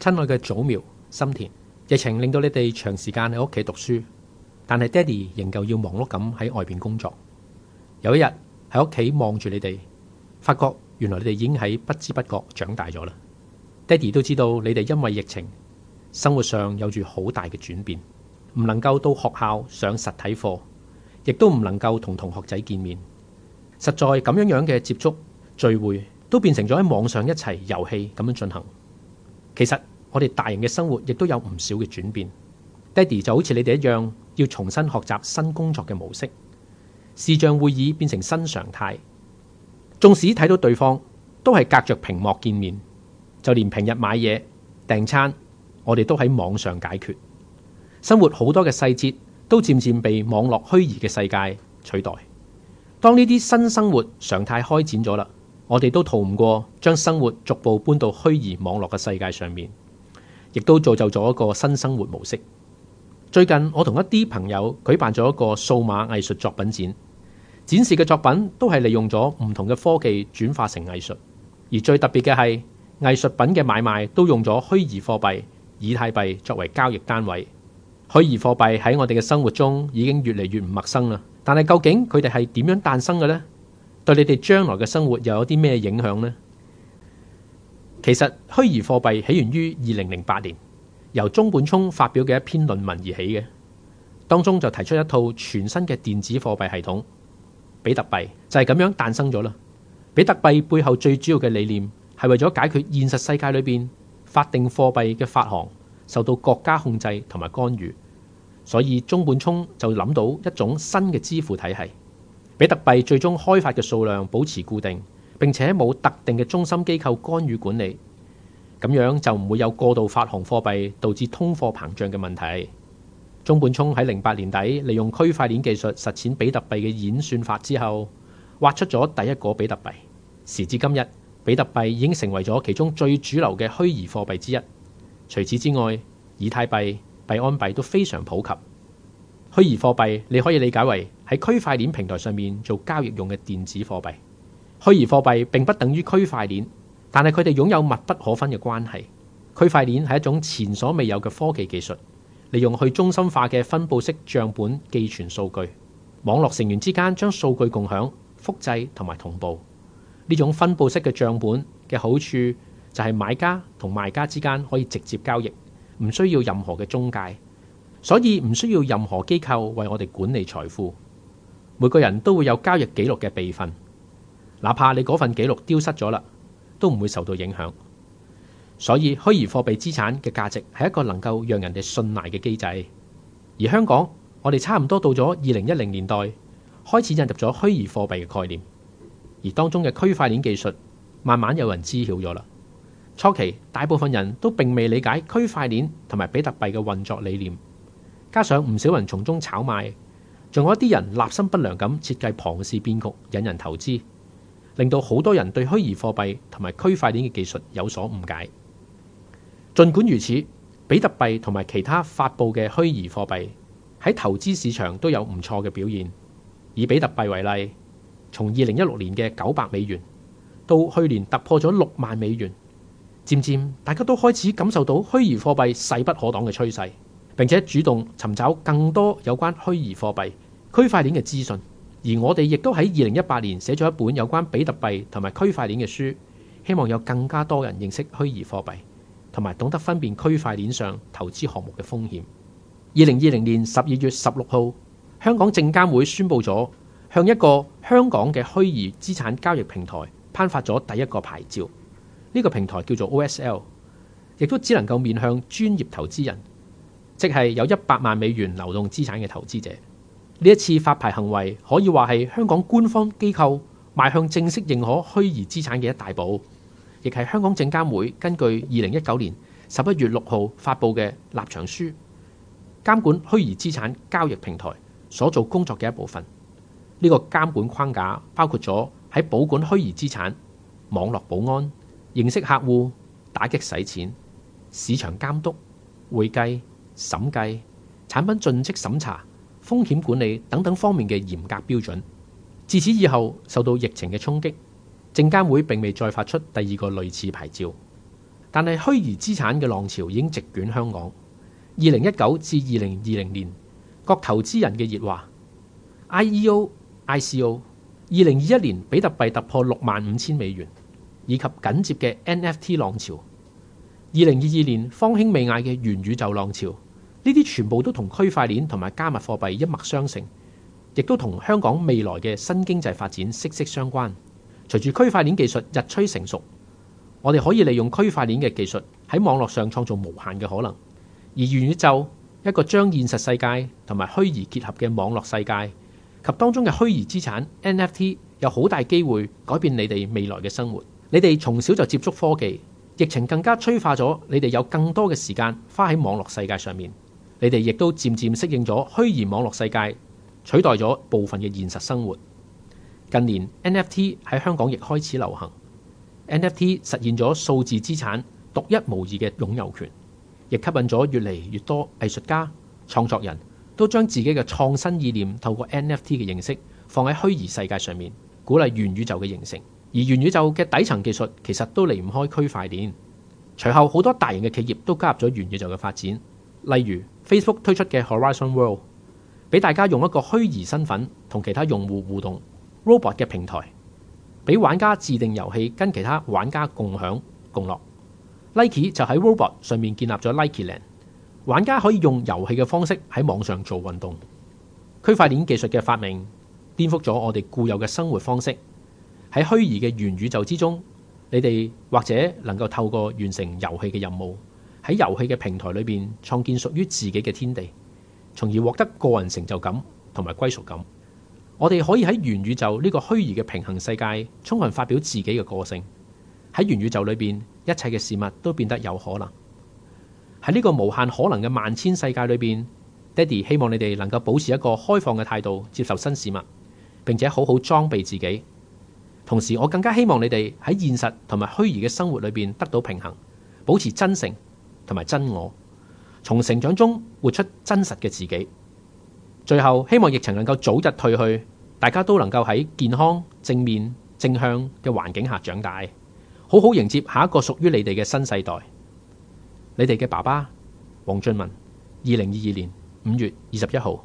親愛嘅祖廟、心田，疫情令到你哋長時間喺屋企讀書，但係爹哋仍舊要忙碌咁喺外邊工作。有一日喺屋企望住你哋，發覺原來你哋已經喺不知不覺長大咗啦。爹哋都知道你哋因為疫情，生活上有住好大嘅轉變，唔能夠到學校上實體課，亦都唔能夠同同學仔見面。實在咁樣樣嘅接觸、聚會，都變成咗喺網上一齊遊戲咁樣進行。其實。我哋大人嘅生活亦都有唔少嘅轉變，爹哋就好似你哋一樣，要重新學習新工作嘅模式，視像會議變成新常態。縱使睇到對方都係隔着屏幕見面，就連平日買嘢訂餐，我哋都喺網上解決。生活好多嘅細節都漸漸被網絡虛擬嘅世界取代。當呢啲新生活常態開展咗啦，我哋都逃唔過將生活逐步搬到虛擬網絡嘅世界上面。亦都造就咗一個新生活模式。最近我同一啲朋友舉辦咗一個數碼藝術作品展，展示嘅作品都係利用咗唔同嘅科技轉化成藝術。而最特別嘅係，藝術品嘅買賣都用咗虛擬貨幣、以太幣作為交易單位。虛擬貨幣喺我哋嘅生活中已經越嚟越唔陌生啦。但係究竟佢哋係點樣誕生嘅呢？對你哋將來嘅生活又有啲咩影響呢？其實虛擬貨幣起源於二零零八年，由中本聰發表嘅一篇論文而起嘅，當中就提出一套全新嘅電子貨幣系統，比特幣就係咁樣誕生咗啦。比特幣背後最主要嘅理念係為咗解決現實世界裏邊法定貨幣嘅發行受到國家控制同埋干預，所以中本聰就諗到一種新嘅支付體系。比特幣最終開發嘅數量保持固定。並且冇特定嘅中心機構干預管理，咁樣就唔會有過度發行貨幣導致通貨膨脹嘅問題。中本聰喺零八年底利用區塊鏈技術實踐比特幣嘅演算法之後，挖出咗第一個比特幣。時至今日，比特幣已經成為咗其中最主流嘅虛擬貨幣之一。除此之外，以太幣、幣安幣都非常普及。虛擬貨幣你可以理解為喺區塊鏈平台上面做交易用嘅電子貨幣。虛擬貨幣並不等於區塊鏈，但係佢哋擁有密不可分嘅關係。區塊鏈係一種前所未有嘅科技技術，利用去中心化嘅分布式帳本寄存數據，網絡成員之間將數據共享、複製同埋同步。呢種分布式嘅帳本嘅好處就係買家同賣家之間可以直接交易，唔需要任何嘅中介，所以唔需要任何機構為我哋管理財富。每個人都會有交易記錄嘅備份。哪怕你嗰份紀錄丟失咗啦，都唔會受到影響。所以虛擬貨幣資產嘅價值係一個能夠讓人哋信賴嘅機制。而香港，我哋差唔多到咗二零一零年代開始引入咗虛擬貨幣嘅概念，而當中嘅區塊鏈技術慢慢有人知曉咗啦。初期大部分人都並未理解區塊鏈同埋比特幣嘅運作理念，加上唔少人從中炒賣，仲有一啲人立心不良咁設計龐氏騙局，引人投資。令到好多人對虛擬貨幣同埋區塊鏈嘅技術有所誤解。儘管如此，比特幣同埋其他發佈嘅虛擬貨幣喺投資市場都有唔錯嘅表現。以比特幣為例，從二零一六年嘅九百美元到去年突破咗六萬美元，漸漸大家都開始感受到虛擬貨幣勢不可擋嘅趨勢，並且主動尋找更多有關虛擬貨幣、區塊鏈嘅資訊。而我哋亦都喺二零一八年寫咗一本有關比特幣同埋區塊鏈嘅書，希望有更加多人認識虛擬貨幣同埋懂得分辨區塊鏈上投資項目嘅風險。二零二零年十二月十六號，香港證監會宣布咗向一個香港嘅虛擬資產交易平台頒發咗第一個牌照。呢、這個平台叫做 OSL，亦都只能夠面向專業投資人，即係有一百萬美元流動資產嘅投資者。呢一次發牌行為可以話係香港官方機構邁向正式認可虛擬資產嘅一大步，亦係香港證監會根據二零一九年十一月六號發布嘅立場書監管虛擬資產交易平台所做工作嘅一部分。呢個監管框架包括咗喺保管虛擬資產、網絡保安、認識客戶、打擊洗錢、市場監督、會計、審計、產品盡職審查、風險管理等等方面嘅嚴格標準。自此以後，受到疫情嘅衝擊，證監會並未再發出第二個類似牌照。但係虛擬資產嘅浪潮已經席捲香港。二零一九至二零二零年，各投資人嘅熱話，I E O、I C O。二零二一年比特幣突破六萬五千美元，以及緊接嘅 N F T 浪潮。二零二二年方興未艾嘅元宇宙浪潮。呢啲全部都同區塊鏈同埋加密貨幣一脈相承，亦都同香港未來嘅新經濟發展息息相關。隨住區塊鏈技術日趨成熟，我哋可以利用區塊鏈嘅技術喺網絡上創造無限嘅可能。而元宇宙一個將現實世界同埋虛擬結合嘅網絡世界，及當中嘅虛擬資產 NFT 有好大機會改變你哋未來嘅生活。你哋從小就接觸科技，疫情更加催化咗你哋有更多嘅時間花喺網絡世界上面。你哋亦都漸漸適應咗虛擬網絡世界，取代咗部分嘅現實生活。近年 NFT 喺香港亦開始流行，NFT 實現咗數字資產獨一無二嘅擁有權，亦吸引咗越嚟越多藝術家、創作人都將自己嘅創新意念透過 NFT 嘅形式放喺虛擬世界上面，鼓勵元宇宙嘅形成。而元宇宙嘅底層技術其實都離唔開區塊鏈。隨後好多大型嘅企業都加入咗元宇宙嘅發展，例如，Facebook 推出嘅 Horizon World，俾大家用一個虛擬身份同其他用戶互動；Robot 嘅平台，俾玩家自定遊戲跟其他玩家共享共樂。Nike 就喺 Robot 上面建立咗 Nike Land，玩家可以用遊戲嘅方式喺網上做運動。區塊鏈技術嘅發明，顛覆咗我哋固有嘅生活方式。喺虛擬嘅元宇宙之中，你哋或者能夠透過完成遊戲嘅任務。喺遊戲嘅平台裏邊創建屬於自己嘅天地，從而獲得個人成就感同埋歸屬感。我哋可以喺元宇宙呢個虛擬嘅平衡世界，充分發表自己嘅個性。喺元宇宙裏邊，一切嘅事物都變得有可能。喺呢個無限可能嘅萬千世界裏邊，爹哋希望你哋能夠保持一個開放嘅態度，接受新事物，並且好好裝備自己。同時，我更加希望你哋喺現實同埋虛擬嘅生活裏邊得到平衡，保持真誠。同埋真我，從成長中活出真實嘅自己。最後，希望疫情能夠早日退去，大家都能夠喺健康、正面、正向嘅環境下長大，好好迎接下一個屬於你哋嘅新世代。你哋嘅爸爸，王俊文，二零二二年五月二十一號。